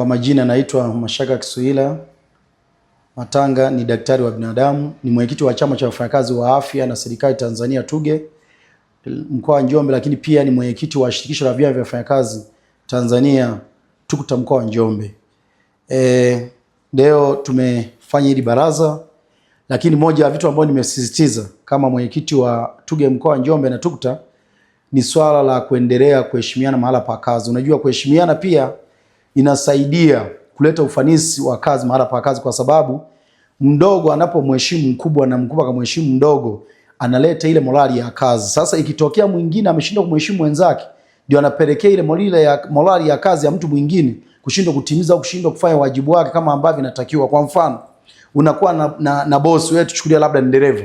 Kwa majina naitwa Mashaka Kisuila Matanga, ni daktari wa binadamu, ni mwenyekiti wa chama cha wafanyakazi wa afya na serikali Tanzania TUGHE mkoa wa Njombe, lakini pia ni mwenyekiti wa shirikisho la vyama vya wafanyakazi Tanzania TUKUTA mkoa wa Njombe. E, leo tumefanya hili baraza, lakini moja ya vitu ambavyo nimesisitiza kama mwenyekiti wa TUGHE mkoa wa Njombe na TUKUTA ni swala la kuendelea kuheshimiana mahala pa kazi. Unajua kuheshimiana pia inasaidia kuleta ufanisi wa kazi mahala pa kazi, kwa sababu mdogo anapomheshimu mkubwa na mkubwa akamheshimu mdogo, analeta ile morali ya kazi. Sasa ikitokea mwingine ameshindwa kumheshimu wenzake, ndio anapelekea ile morali ya, morali ya kazi ya mtu mwingine kushindwa kutimiza au kushindwa kufanya wajibu wake kama ambavyo inatakiwa. Kwa mfano, unakuwa na, na, na bosi wewe, tuchukulia labda ni dereva,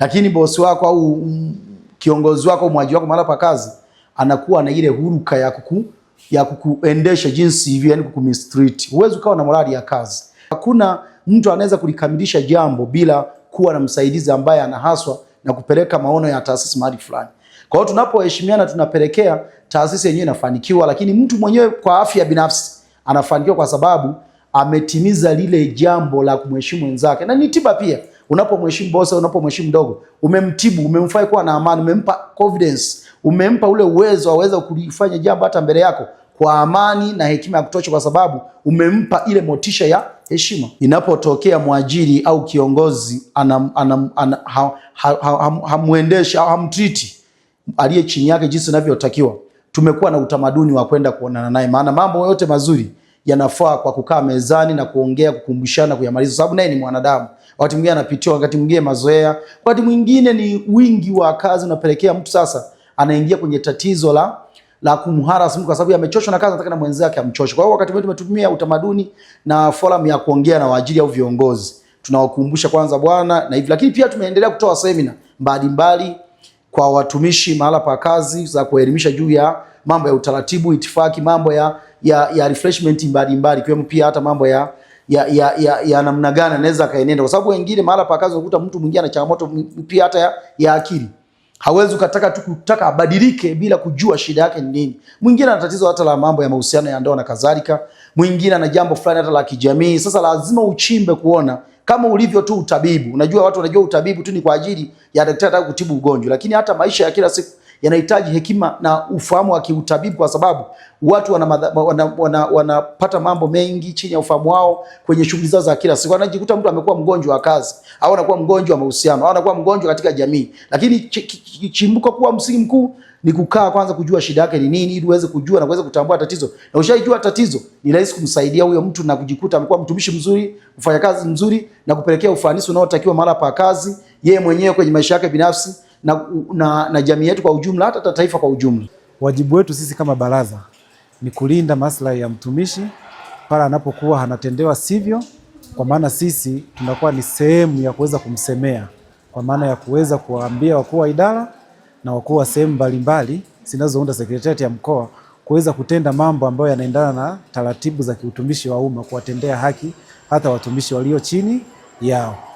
lakini bosi wako au um, kiongozi wako mwaji wako mahala pa kazi anakuwa na ile huruka ya kuku ya kukuendesha jinsi hivyo, yani kukumistreat. Huwezi ukawa na morali ya kazi. Hakuna mtu anaweza kulikamilisha jambo bila kuwa na msaidizi ambaye anahaswa na kupeleka maono ya taasisi mahali fulani. Kwa hiyo tunapoheshimiana, tunapelekea taasisi yenyewe inafanikiwa, lakini mtu mwenyewe kwa afya binafsi anafanikiwa kwa sababu ametimiza lile jambo la kumheshimu wenzake, na ni tiba pia. Unapomheshimu bosi, unapomheshimu mdogo, umemtibu, umemfanya kuwa na amani, umempa confidence, umempa ule uwezo aweza kulifanya jambo hata mbele yako kwa amani na hekima ya kutosha, kwa sababu umempa ile motisha ya heshima. Inapotokea mwajiri au kiongozi hamwendeshi au hamtriti aliye chini yake jinsi inavyotakiwa, tumekuwa na utamaduni wa kwenda kuonana naye, maana mambo yote mazuri yanafaa kwa kukaa mezani na kuongea, kukumbushana, kuyamaliza, sababu naye ni mwanadamu. Wakati mwingine anapitiwa, wakati mwingine mazoea, wakati mwingine ni wingi wa kazi unapelekea mtu sasa anaingia kwenye tatizo la la kumharas kumharasi kwa sababu amechoshwa na kazi, anataka na mwenzake amchoshe. Kwa hiyo wakati mwingine tumetumia utamaduni na forum ya kuongea na waajiri au viongozi, tunawakumbusha kwanza bwana na hivi, lakini pia tumeendelea kutoa semina mbalimbali kwa watumishi mahala pa kazi za kuelimisha juu ya mambo ya utaratibu, itifaki, mambo ya ya, ya refreshment mbalimbali, ikiwemo pia hata mambo ya ya, ya, ya, ya namna gani anaweza akaenenda, kwa sababu wengine mahala pa kazi unakuta mtu mwingine ana changamoto pia hata ya, ya akili. Hawezi ukataka tu kutaka abadilike bila kujua shida yake ni nini. Mwingine ana tatizo hata la mambo ya mahusiano ya ndoa na kadhalika, mwingine ana jambo fulani hata la kijamii. Sasa lazima uchimbe kuona kama ulivyo tu utabibu. Unajua watu wanajua utabibu tu ni kwa ajili ya daktari kutibu ugonjwa, lakini hata maisha ya kila siku yanahitaji hekima na ufahamu wa kiutabibu, kwa sababu watu wanapata wana, wana, wana, wana mambo mengi chini ya ufahamu wao kwenye shughuli zao za kila siku. Anajikuta mtu amekuwa mgonjwa wa kazi au anakuwa mgonjwa wa mahusiano au anakuwa mgonjwa katika jamii, lakini chimbuko kuwa msingi mkuu ni kukaa kwanza kujua shida yake ni nini, ili uweze kujua na kuweza kutambua tatizo. Na ushajua tatizo, ni rahisi kumsaidia huyo mtu na kujikuta amekuwa mtumishi mzuri, mfanyakazi mzuri, na kupelekea ufanisi unaotakiwa mahala pa kazi, yeye mwenyewe kwenye maisha yake binafsi na, na, na jamii yetu kwa ujumla, hata taifa kwa ujumla. Wajibu wetu sisi kama baraza ni kulinda maslahi ya mtumishi pale anapokuwa anatendewa sivyo, kwa maana sisi tunakuwa ni sehemu ya kuweza kumsemea, kwa maana ya kuweza kuwaambia wakuu wa idara na wakuu wa sehemu mbalimbali zinazounda sekretariati ya mkoa kuweza kutenda mambo ambayo yanaendana na taratibu za kiutumishi wa umma, kuwatendea haki hata watumishi walio chini yao.